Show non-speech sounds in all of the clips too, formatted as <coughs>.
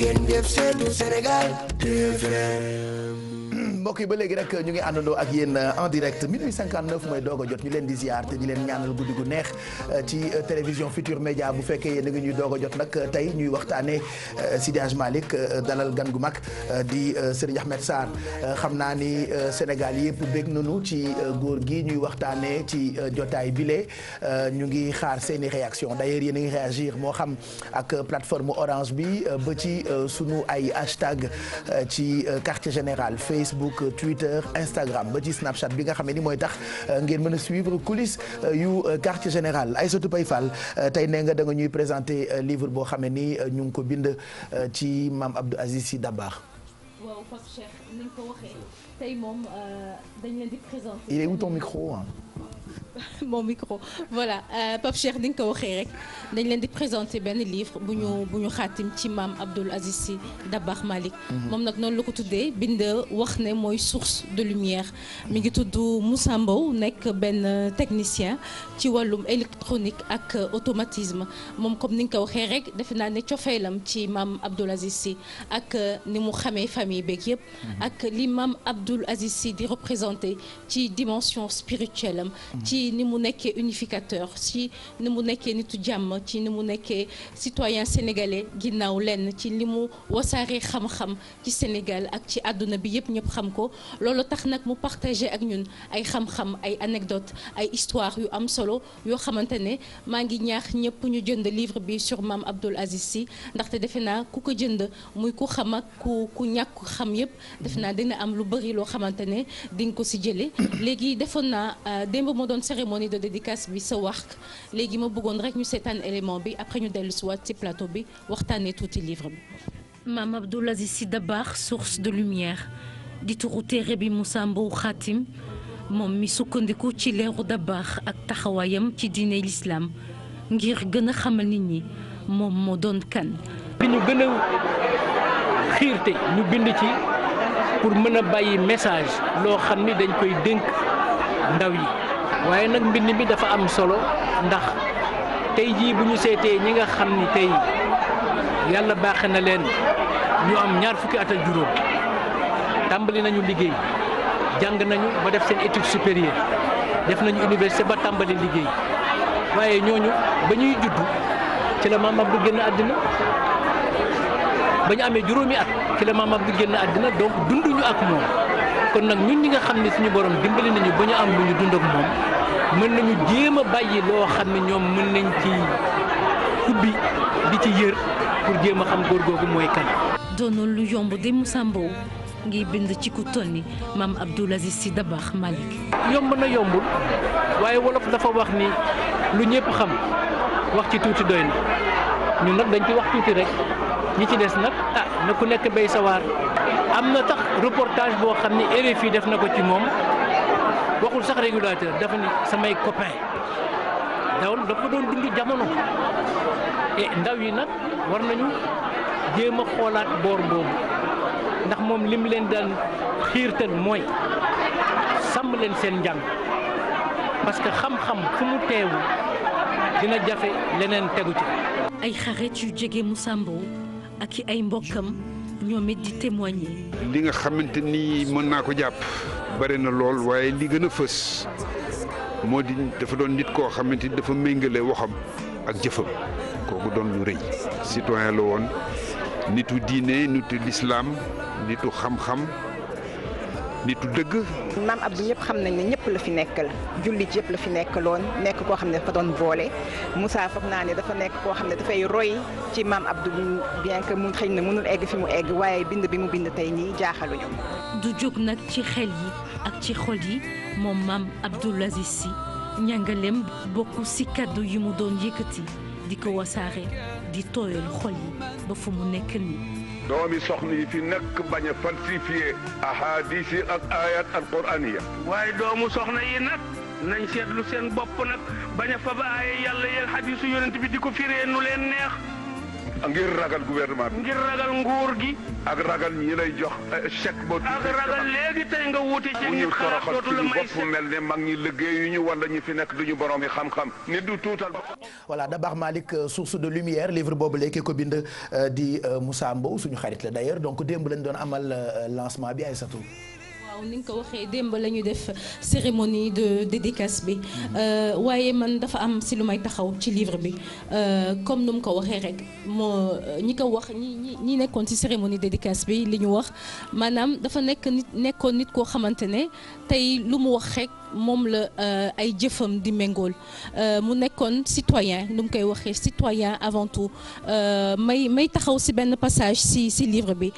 ngeen jëf seetu Sénégal TFM mbokk yi ba léegi rek ñu ngi àndandoo ak yéen euh, en direct minuit 59 mooy doog jot ñu leen di ziar te di leen ñaanal guddi gu neex euh, ci euh, télévision Futur Média bu fekkee yéen a ngi ñuy doog a jot nag tey ñuy waxtaanee Sidi Hadj dalal gan gu mag di Serigne Ahmed Sarr xam naa ni Sénégal yëpp bég nañu ci góor gi ñuy waxtaanee ci jotaay bile ñu ngi xaar seen i réaction d'ailleurs yéen ngi réagir moo xam ak plateforme Orange bi ba ci sunu ay hashtag ci quartier général Facebook. Facebook Twitter Instagram ba ci Snapchat bi nga xam ni mooy tax euh, ngeen mën a suivre coulisses euh, yu euh, quartier général Aïssatou Paye Fall tey nee nga da ñuy présenter livre boo xam ni ñu ngi ko bind ci maam Abdou Aziz Sy Dabakh. waaw Pape il est où ton micro <laughs> mon micro voilà euh, Pape Cheikh ni nga ko waxee rek dañ leen di présenter benn livre bu ñu bu ñu xaatim ci maam Abdoul Aziz Sy Dabakh Malick mhm. moom nag noonu la ko tuddee bind wax ne mooy source de lumière mi ngi tudd Moussa Mbow nekk benn technicien ci wàllum électronique ak automatisme moom comme ni nga ko waxee rek defe naa ne cofeelam ci maam Abdoul Aziz Sy ak euh, ni mu xamee famille beeg yëpp mhm. ak li maam Abdoul Aziz Sy di représenté ci dimension spirituelle am mhm. ci ci ni mu nekkee unificateur ci ni mu nekkee nitu jàmm ci ni mu nekkee citoyen sénégalais ginnaaw lenn ci li mu wasaaree xam-xam ci Sénégal ak ci àdduna bi yëpp ñëpp xam ko loolu tax nag mu partagé ak ñun ay xam-xam ay anecdote ay histoire yu am solo yoo xamante ne maa ngi ñaax ñëpp ñu jënd livre bi sur Mame Abdoul Aziz Sy ndaxte defe naa ku ko jënd muy ku xam ak ku ku ñàkk xam yëpp defe naa dina am lu bëri loo xamante ne di nga ko si jële léegi defoon naa euh, cérémonie de dédicace bi sa wax léegi ma bëggoon rek ñu seetaan élément bi après ñu dellu si waat ci plateau bi waxtaanee tuuti livre bi. maam Abdoul Aziz Sy baax source de lumière di turu téere bi Moussa Mbow xatim moom mi sukkandiku ci leeru baax ak taxawaayam ci diine l'islam ngir gën a xamal nit ñi moom moo doon kan. bi ñu gën a xiirte ñu bind ci pour mën a bàyyi message loo xam ni dañ koy dénk ndaw yi. waaye nag mbind bi dafa am solo ndax tey jii bu ñu seetee ñi nga xam ni tey yàlla baaxe na leen ñu am ñaar fukki at ak juróom tàmbali nañu liggéey jàng nañu ba def seen étude supérieure def nañu université ba tàmbali liggéey waaye ñooñu ba ñuy juddu ci la maam Abdou génn àddina ba ñu amee juróomi at ci la maam Abdou génn àddina donc dunduñu ak moom. kon nag ñun ñi nga xam ne suñu borom dimbali nañu ba ñu am lu ñu dund ak moom mën nañu jéem a bàyyi loo xam ne ñoom mën nañ ci ubbi di ci yër pour jéem a xam góor googu mooy kan. doonul lu yomb dem Moussa Mbow ngi bind ci ku toll ni maam Abdoul Aziz Sy Dabakh Malick. yomb na yombul waaye wolof dafa wax ni lu ñëpp xam wax ci tuuti doy na ñun nag dañ ci wax tuuti rek ñi ci des nag ah na ku nekk béy sawaar am na tax reportage boo xam ne ni fii def na ko ci moom waxul sax régulateur dafa ni samay copain daw dafa doon dund jamono et ndaw yi nag war nañu jéem a xoolaat boor boobu ndax moom li lim leen daan xiirtal mooy sàmm leen seen njàng parce que xam-xam fu mu teewu dina jafe leneen tegu ci ay xarit yu jege Moussa Mbow ak i ay mbokkam ñoom it di témoigner. li nga xamante ni mën naa ko jàpp bare na lool waaye li gën a fës moo di dafa doon nit koo xamante ni dafa méngale waxam ak jëfam kooku doon lu rëy. citoyen la woon nitu diine nitu lislaam nitu xam-xam. nitu dëgg. maam Abdou ñëpp xam nañ ne ñëpp la fi nekkal jullit yëpp la fi nekkaloon nekk koo xam ne dafa doon boole Moussa foog naa ne dafa nekk koo xam ne dafay roy ci maam Abdou bien que mu xëy na mënul egg fi mu egg waaye bind bi mu bind tey nii jaaxaluñu. du jóg nag ci xel yi ak ci xol yi moom maam Abdoul Aziz si ñàngaleem bokk si kàddu yi mu doon yëkkati di ko wasaare di tooyal xol yi ba fu mu nekk nii. doomi soxna yi fi nekk bañ a falsifié ahadis yi ak ayat alquraniya waaye doomu soxna yi nag nañ seetlu seen bopp nag bañ a fab aaya yàlla yéen xadisu yonent bi di ko firee nu leen neex ngir ragal gouvernement bi. ngir ragal nguur gi. ak ragal ñi lay jox eh, chèque boo. ak ragal léegi tey nga wuute ci ñu xalaat dootu la may bopp mel ne mag ñi liggéeyuñu wala ñi fi nekk duñu borom yi xam-xam nit du tuutal. voilà Dabax Malick euh, de lumière livre boobu léegi ko bind euh, di euh, Moussa Mbow suñu xarit la d'ailleurs donc démb lañ doon amal lancement bi ay satou ginnaaw ni nga ko waxee démb la ñu def cérémonie de dédicace bi euh, waaye man dafa am si lu may taxaw ci livre bi euh, comme nu mu ko waxee rek moo ñi ko wax ñi ñi ñi nekkoon ci cérémonie dédicace bi li ñu wax maanaam dafa nekk nit nekkoon nit koo xamante ne tey lu mu wax rek moom la euh, ay jëfam di méngool mu nekkoon citoyen nu mu koy waxee citoyen avant tout may may taxaw si benn passage si si livre bi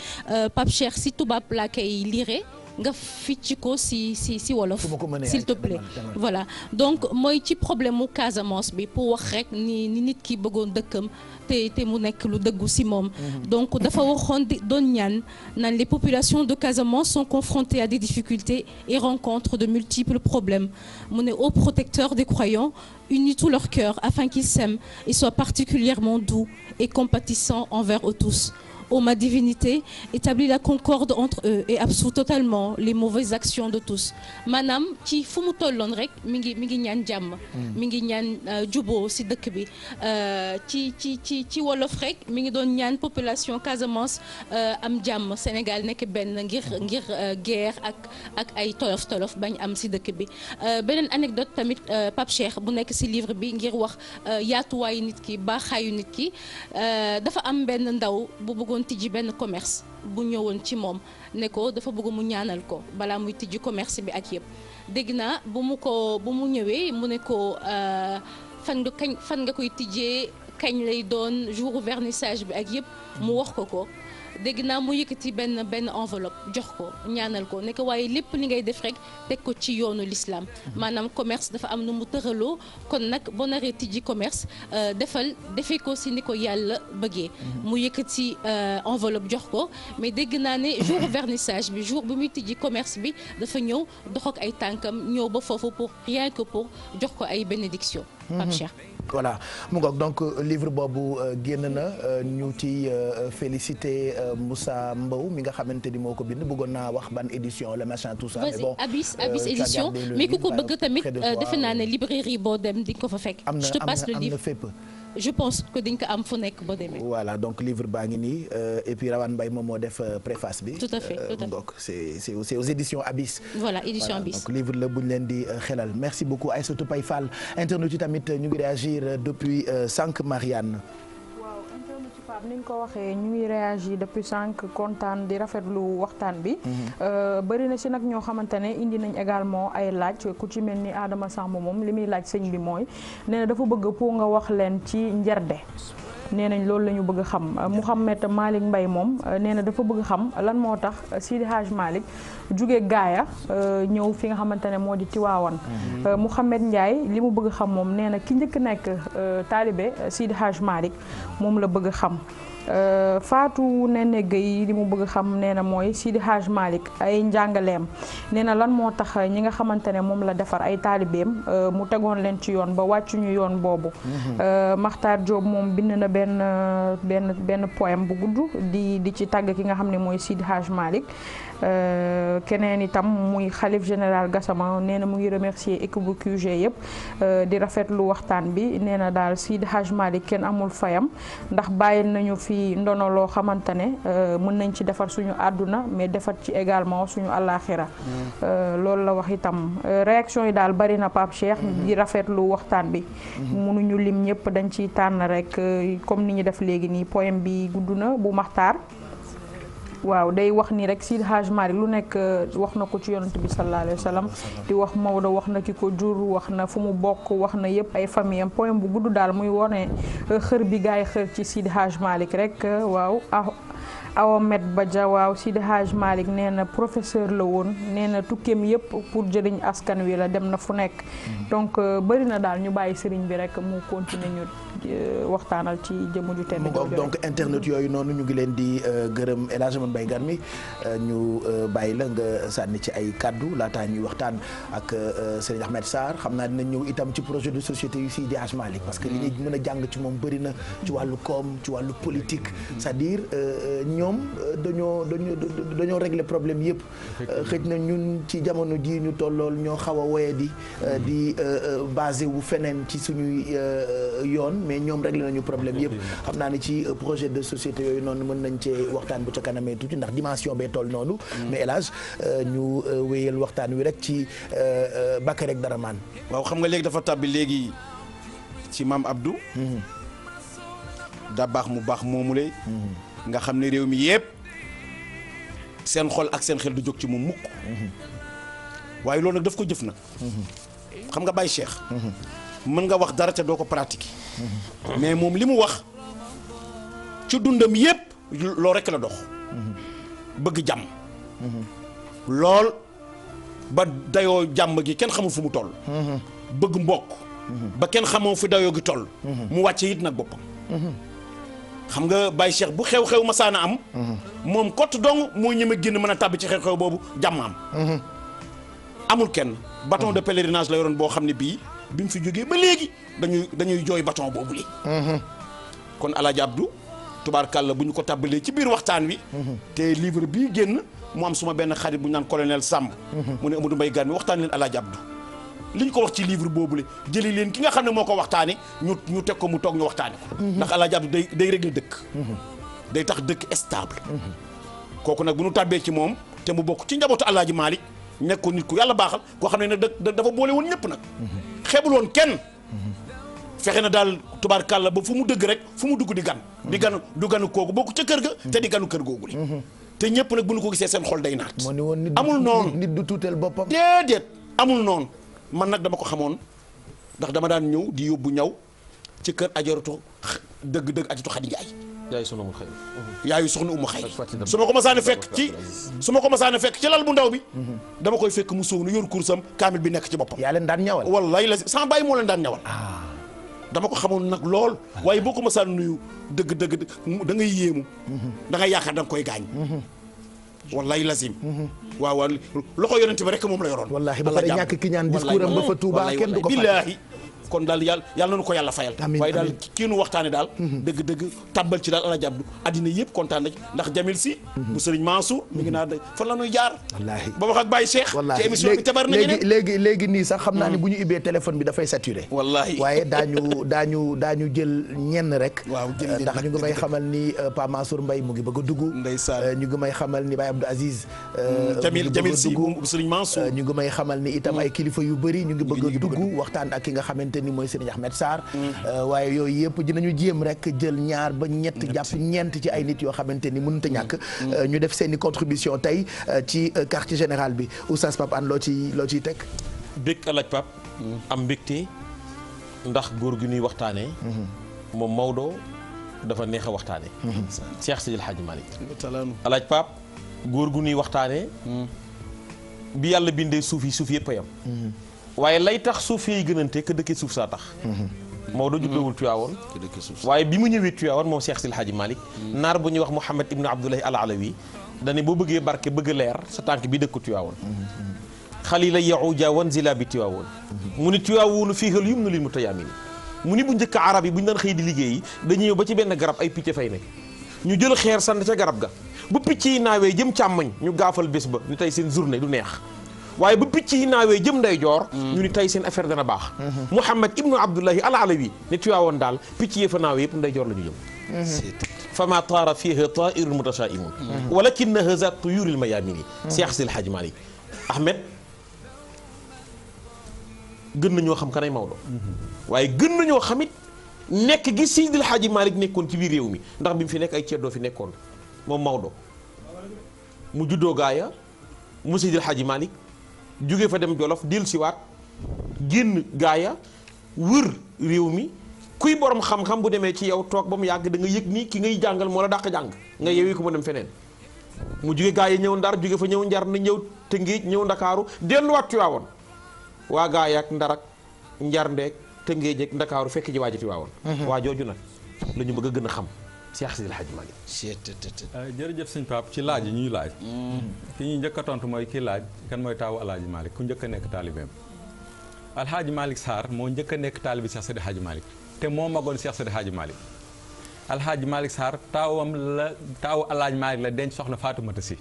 Pape Cheikh si tubaab laa koy lire nga ficc ko si si si wolof s'il te plaît voilà donc mooy ci problème mu Casamance bi pour wax rek ni ni nit ki bëggoon dëkkam te te mu nekk lu dëggu si moom mhm. donc dafa waxoon di doon ñaan naan les populations de Casamance sont confrontées à des difficultés et rencontrent de multiples problèmes mu ne au protecteur des croyants unis tout leur cœur afin qu'ils s'aiment et soient particulièrement doux et compatissants envers eux tous ô ma divinité, établis la concorde entre eux et absous totalement les mauvaises actions de tous maanaam ci fu mu tolloon rek mi ngi mi ngi ñaan jàmm. Mm. mi ngi ñaan euh, juboo si dëkk bi euh, ci ci ci ci wolof rek mi ngi doon ñaan population Casamance euh, am jàmm Sénégal nekk benn ngir ngir guerre ak ak ay tolof tolof bañ am si dëkk bi beneen anecdote tamit Pape bu nekk si livre bi ngir wax yaatuwaayu nit ki baaxaayu nit ki dafa am benn ndaw bu bëggoon doon tijji benn commerce bu ñëwoon ci moom ne ko dafa bëgg mu ñaanal ko balaa muy tijji commerce bi ak yëpp dégg naa bu mu ko bu mu ñëwee mu ne ko euh, fan nga kañ fan nga koy tijjee kañ lay doon jour vernissage bi ak yëpp mu wax ko ko. dégg naa mu yëkkati benn benn enveloppe jox ko ñaanal ko ne waaye lépp li ngay def rek teg ko ci yoonu l'islam mhm. maanaam commerce dafa am na mu tëraloo kon nag boo naree tijji commerce euh, defal defee ko si ni ko yàlla bëggee. Mhm. mu yëkkati euh, enveloppe jox ko mais dégg naa ne <coughs> jour vernissage bi jour bi muy tijji commerce bi dafa ñëw dox ak ay tànkam ñëw ba foofu pour rien que pour jox ko ay bénédiction Pape mhm. Cheikh voilà mu ngoog donc euh, livre boobu euh, génn na euh, ñu ci félicité Moussa Mbow mi nga xamante ni moo ko bind bëggoon naa wax ban édition la machin tout ça. mais bon Abyss Abyss édition mais ku ko bëgg tamit naa ne librairie boo dem ko fa fekk. je te passe le livre am na fépp. je pense que dañ ko am fu nekk ba voilà donc livre baa ngi nii euh, et puis Rawane Mbaye moom moo def euh, préface bi. tout à fait euh, tout à fait donc c'est c'est aux voilà édition Abyss donc livre la bu ñu leen di xelal merci beaucoup Aïssatou Paye Fall internet yi tamit ñu ngi réagir depuis sànq Marianne. Pape ko waxee ñu ngi réagir depuis cinq kontaan di rafetlu waxtaan bi. Mhm. Euh, bëri na si nag ñoo xamante ne indi nañ également ay laaj ku ci mel ni aadama Samb moom li muy laaj sëñ bi mooy nee dafa bëgg pour nga wax leen ci njerde nee nañ loolu la ñu bëgg a xam Mouhamed Malick mbay moom euh, nee na dafa bëgg xam lan moo tax Sidi Hadj Malick jóge gaaya euh, ñëw fi nga xamante ne moo di Tiwaawan mhm. euh, Mouhamed Ndiaye li mu bëgg xam moom nee na ki njëkk nekk taalibe Sidi Hadj Malick moom la bëgg xam Euh, faatu Néné Gueye li mu bëgg xam nee na mooy Sidi Hadj Malick ay njàngaleem nee na lan moo tax ñi nga xamante ne moom la defar ay taalibeem euh, mu tegoon leen ci yoon ba wàccuñu yoon boobu. Mhm. Euh, Makhtar Diop moom bind na benn benn benn poème bu gudd di di ci tàgg ki nga xam ni mooy Sidi Hadj Malick keneen itam muy xalif général Gassama nee na mu ngi remercier équipe bu QG yëpp di rafetlu waxtaan bi nee na daal Sidi Hadj Malick kenn amul fayam ndax bàyyi nañu fi ndono loo xamante ne euh, mën nañ ci defar suñu àdduna mais defar ci également suñu àllaaxira mm. euh, loolu la wax itam euh, réaction yi daal bari na Pape Cheikh mm-hmm. di rafetlu waxtaan bi mënuñu mm-hmm. lim ñëpp dañ ci tànn rek comme ni ñu def léegi nii poème bi gudd na bu maxtaar waaw day wax nii rek Seydi Hadj Malick lu nekk euh, wax na ko ci yonent bi sallallahu alayhi di wax Maodo wax na ki ko jur wax na fu mu bokk wax na yëpp ay famille am bu gudd daal muy wone euh, xër bi gaay xër ci Seydi Hadj Malick rek euh, waaw ah, Awamet Ba Dia waaw Sidi Hadj Malick nee na professeur la woon nee na tukkeem yëpp pour jëriñ askan wi la dem na fu nekk mm-hmm. donc bëri na daal ñu bàyyi sëriñ bi rek mu continuer ñu Euh, waxtaanal ci jëmm ju tedd donc internet yooyu noonu ñu ngi leen di euh, gërëm El Hadj Mbaye mi euh, ñu bàyyi la nga sànni ci ay kaddu laataa ñuy waxtaan ak Serigne Ahmed Sarr xam naa dinañ ñëw itam ci projet de société yu fii di Hadj Malick parce que li ñuy mën a jàng ci moom bëri na ci wàllu koom ci wàllu politique c'est-à-dire ñoom dañoo dañoo dañoo problème yëpp xëj na ñun ci jamono ji ñu tollool ñoo xaw a woye di di basé wu feneen ci suñuy yoon mais ñoom réglé nañu problème yëpp xam naa ne ci euh, projet de société yooyu noonu mën nañ cee waxtaan bu ca kanamee tuuti ndax dimension bee toll noonu mm. mais hélas euh, ñu euh, wéyal waxtaan wi rek ci Bakar rek dara maan waaw xam nga léegi dafa tàbbi léegi ci maam Abdou mm-hmm. da baax mu baax moomu lay mm-hmm. nga xam ne réew mi yëpp seen xol ak seen xel du jóg ci mu mukk mm-hmm. waaye loolu nag daf ko jëf nag xam nga Baye Cheikh mën nga wax dara ca doo ko pratique mais moom li mu wax ci dundam yépp loo rekk la dox bëgg jàmm lool ba dayoo jàmm gi kenn xamul fu mu toll bëgg mbokk ba kenn xamoo fi dayoo gi toll mu wàcce it nag boppam xam nga Baye Cheikh bu xew-xew masaana am moom kott dong moo ñeme génn mën a tàbbi ci xew-xew boobu jàmm am amul kenn baton de pèlerinage la yoroon boo xam ne bii bi mu fi jógee ba léegi dañuy dañuy jooy baton boobu li mhm. kon El Hadj Abdou la bu ñu ko tàbbalee ci biir waxtaan wi. Mhm. te livre bii génn mu am suma benn xarit bu ñu naan colonel Samb. Mhm. mu ne Amadou Mbaye Gane mi waxtaan leen El Hadj Abdou. li ñu ko wax ci livre boobu la jëli leen ki nga xam ne moo ko waxtaanee ñu ñu teg ko mu toog ñu waxtaanee ko. ndax El Hadj Abdou day day di dëkk. day tax dëkk stable. kooku nag bu ñu tàbbee ci moom te mu bokk ci njabootu El Hadj Malick nekk ko yàlla baaxal koo xam ne nag dafa boole woon nag. xeebul kenn fexe na daal tubaar tubaarkàlla ba fu mu dëgg rek fu mu dugg di gan di gan du ganu kooku bokku ca kër ga te di ganu kër googu li te ñëpp nag bu ñu ko gisee seen xol day naat amul noonu nit du tuuteel boppam déedéet amul noonu man nag dama ko xamoon ndax dama daan ñëw di yóbbu ñaw ci kër ajaratu dëgg dëgg ajaratu Xadi yaayu soxna Umu Xayri. yaayu soxna Umu Xayri su ma ko masaan fekk ci su ma ko masaan a fekk ci lal bu ndaw bi. Mhm. dama koy fekk mu sóonu yor kursam kaamil bi nekk ci boppam. yaa leen daan ñawal wallaay la sans bàyyi moo leen daan ñawal. Ah. dama ko xamoon nag lool waaye boo ko masaan nuyu dëgg dëgg da ngay yéemu. Mhm. da ngay yaakaar koy gaañ. Mhm. wallaay lazim waaw waaw loxo yonent bi rek moom la yoroon. wallaahi ba pare ñàkk ki ñaan discours ba fa Touba kenn du ko fàtte. kon daal yàlla yàlla nañu ko yàlla fayal waaye daal kii nu waxtaane daal mhm. dëgg dëgg tàbbal ci daal alaaji Abdou addina yëpp kontaan na ci ndax Jamil si mhm. bu Sëriñ Mansour mi ngi naa fan la ñuy jaar wallaahi ba wax ak Baye Cheikh ci émission bi tabar na ñeneen léegi léegi nii sax xam naa ne mhm. bu ñu ibee téléphone bi dafay saturé wallaahi waaye daañu daañu daañu jël ñenn rek euh, ndax ñu ngi may xamal ni euh, Pa Mansour Mbaye mu ngi bëgg a dugg euh, ñu ngi may xamal ni Baye Abdou Aziz mm, Jamil Jamil si bu Sëriñ ñu ngi may xamal ni itam mm. ay kilifa yu bëri ñu ngi bëgg ni mooy Serigne Ahmed saar mm. euh, waaye yooyu yëpp dinañu jéem rek jël ñaar ba ñett jàpp ñeent ci ay nit yoo xamante ni mënut a mm. ñàkk mm. Euh, ñu def seen i contribution tey euh, ci quartier général bi Oustaz Pape Hann loo ci loo ciy teg bég alaaj Pape am mbégte ndax góor gi ñuy waxtaanee mm-hmm. moom Maodo dafa neex a waxtaane mm-hmm. Cheikh Sidil Hadji Malick alaaj Pape góor gu ñuy waxtaane bi yàlla bindee suuf yi suuf yëpp a yam mm-hmm. waaye lay tax suuf yooyu gënante ka dëkkee suuf saa tax moo mhm. Maodo juddewul Tiwaawoon waaye bi mu ñëwee Tiwaawoon moom Cheikh Sil Hadji Malick mhm. naar bu ñuy wax Mouhamed Ibn Abdoulahi Al Alawi dane boo bëggee barke bëgg leer sa tànk bi dëkku Tiwaawoon mhm. xalila yahuja wan zila bi Tiwaawoon mu ni Tiwaawoonu fii xel yum nu lil mutayaamini mu ni bu njëkk arab yi bu ñu daan xëy di liggéey dañuy ñëw ba ci benn garab ay picc fay nekk ñu jël xeer sànni ca garab ga bu picc yi naawee jëm càmmañ ñu gaafal bés ba tey seen journée du neex waaye bu picc yi naawee jëm nday mm. ñu ni tey seen affaire dana baax mm-hmm. Muhammad ibnu Abdullahi al Alawi ne Tiwaawoon daal picc yee fa naawee yëpp nday joor la ñu jëm mm-hmm. fama taara fiiha tairun mutashaimun mm-hmm. walakin haza tuyuril mayamini Seex Sil Hajj Maalik Ahmed gën nañoo xam kanay Maodo waaye gën nañoo xamit nekk gi Seydil Haaji Malick nekkoon ci biir réew mi ndax bi mu fi nekk ay ceddoo fi nekkoon moom Maodo mu juddoo gaaya mu Seydil Haaji jóge fa dem Jolof dil siwaat génn gaaya wër réew mi kuy borom xam-xam bu demee ci yow toog ba mu yàgg da nga yëg ni ki ngay jàngal moo la dàq jàng nga yewi ko mu dem feneen mu jóge yi ñëw ndar jóge fa ñëw njar na ñëw tëngéej ñëw ndakaaru delluwaat Tiwaawoon waa gaaya ak ndarak njar ndeeg tëngéej ak ndakaaru fekk ji waa ji Tiwaawoon mhm. waa jooju nag lañu bëgg a gën a xam Cheikh Sidil Hadj Malick. Euh, jërëjëf sëñ Pape ci laaj yi ñuy laaj. Mm. ki ñuy njëkk a tontu mooy kii laaj kan mooy taawu Alhaji Malick ku njëkk a nekk taalibeem. Alhaji Malick saar moo njëkk a nekk taalibi Cheikh Sidil Hadj Malick te moo magoon Cheikh Sidil Hadj Malick. Alhaji Malick Sarr taawam la taawu Alhaji Malick la denc soxna Fatoumata Si.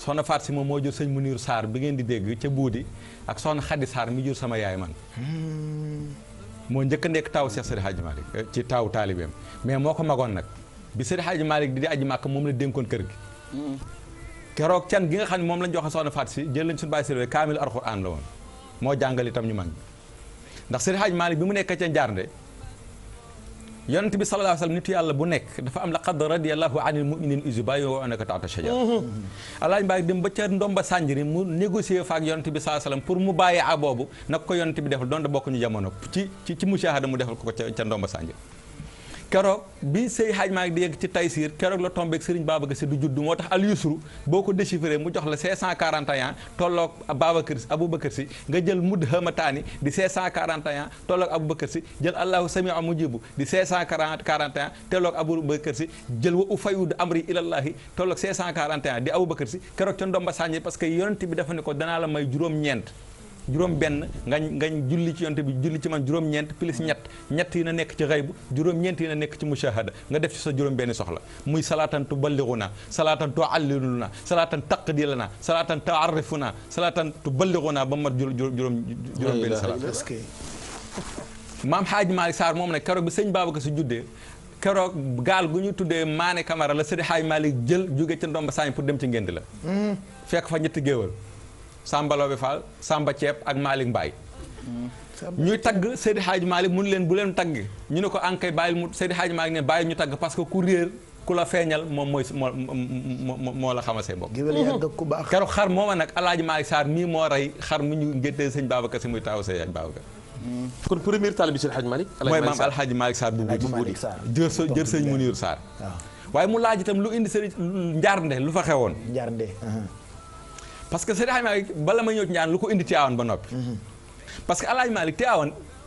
soxna Faat si moom moo jur mu Muniru saar bi ngeen di dégg ca Buudi ak soxna Xadi saar mi jur sama yaay man. Mm. moo njëkk a nekk taaw Cheikh Seydi Hadji Malick eh, ci taaw taalibeem mais moo ko magoon nag bi Seydi Hadji Malick di di aji màkk moom la dénkoon kër gi hmm. keroog can gi nga xam ne moom lañ joxe soxna Fatou si jël lañ suñu bàyyi Seydi kaamil alxuraan la woon moo jàngal tam ñu mag ndax Seydi Hadji Malick bi mu nekk ca Njaarnde yonent bi sallallahu alayhi wa sallam yàlla bu nekk dafa am la qad radiyallahu anil mu'minin izi baayi'uunaka tahta shajar mhm. alaaj mbaay dem ba ca ndomba sànjiri mu négocier faak yonent bi sallallahu alayhi pour mu bàyyi a boobu nag ko yonent bi defal doon da bokk ñu jamono ci ci ci mushahada mu defal ko ca ndomba sànjiri keroog bi sëy xaaj maag di yegg ci Taysiir keroog la tombeeg Serigne Babacar Sy du judd moo tax al yusru boo ko déchiffré mu jox la 541 tolloog Babacar Aboubacar Sy nga jël mudd hamataani di 541 tolloog Aboubacar Sy jël allahu samiu mujibu di 541 tolloog Aboubacar Sy jël wa ufayud amri ilallahi tolloog 541 di Aboubacar Sy keroog ca ndomba sàññi parce que yonent bi dafa ne ko danaa la may juróom-ñeent juróom benn ngañ ngañ julli ci yonte bi julli ci man juróom ñeent plus ñett ñett yi na nekk ci xaybu juróom ñeent yi na nekk ci mushahada nga def ci sa juróom benn soxla muy salaatan tuballighuna salaatan tuallimuna salaatan taqdilana salaatan taarifuna salaatan tuballighuna ba mat juróom juróom benn salaat maam xaaj Maalik saar moom ne keroog bi sëñ Babacar Sy juddee keroog gaal gu ñu tuddee Maane Camara la Seydi Xaaji Maalik jël jóge ca ndomba saañ pour dem ci ngénd la hmm. fekk fa ñetti géewal Samba Lobé Fall Samba Thiep ak Malick Mbaye mm. ñuy tagg Seydi xaaju Malick mun leen bu leen tagg ñu ne ko ankay bàyyil mu Seydi Hadj Malick ne bàyyi ñu tagg parce que ku réer ku la feeñal moom mooy moo moo la xamasee bopp keroog xar mooma nag Alaaji Malick Sarr mii moo rey xar mu ñu ngéntee sëñ Babacar si muy taaw sëñ Babacar mm. kon premier taalibe Seydi Hadj Malick mooy maam Alaaji Malick Sarr bu buudi jër jër sëñ Muniir Sarr waaye mu laaj itam lu indi njaar njaarnde lu fa xewoon njaarnde parce que Seydi Hadji Malick bala ma ñëw ci lu ko indi Tiwaawan ba noppi mm-hmm. parce que Alaaji Malick Tiwaawan